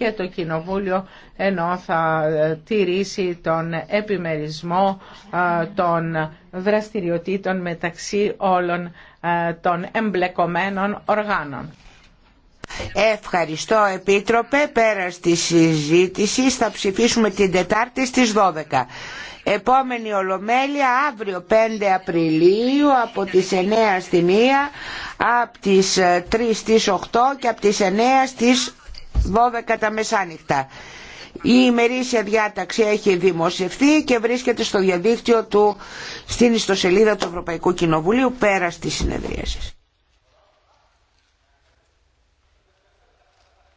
και το Κοινοβούλιο ενώ θα ε, τηρήσει τον επιμερισμό ε, των δραστηριοτήτων μεταξύ όλων ε, των εμπλεκομένων οργάνων. Ευχαριστώ Επίτροπε. Πέρα στη συζήτηση θα ψηφίσουμε την Τετάρτη στις 12. Επόμενη Ολομέλεια αύριο 5 Απριλίου από τις 9 στη 1, από τις 3 στις 8 και από τις 9 στις 12 τα μεσάνυχτα. Η ημερήσια διάταξη έχει δημοσιευθεί και βρίσκεται στο διαδίκτυο του στην ιστοσελίδα του Ευρωπαϊκού Κοινοβουλίου πέρα της συνεδρίασης.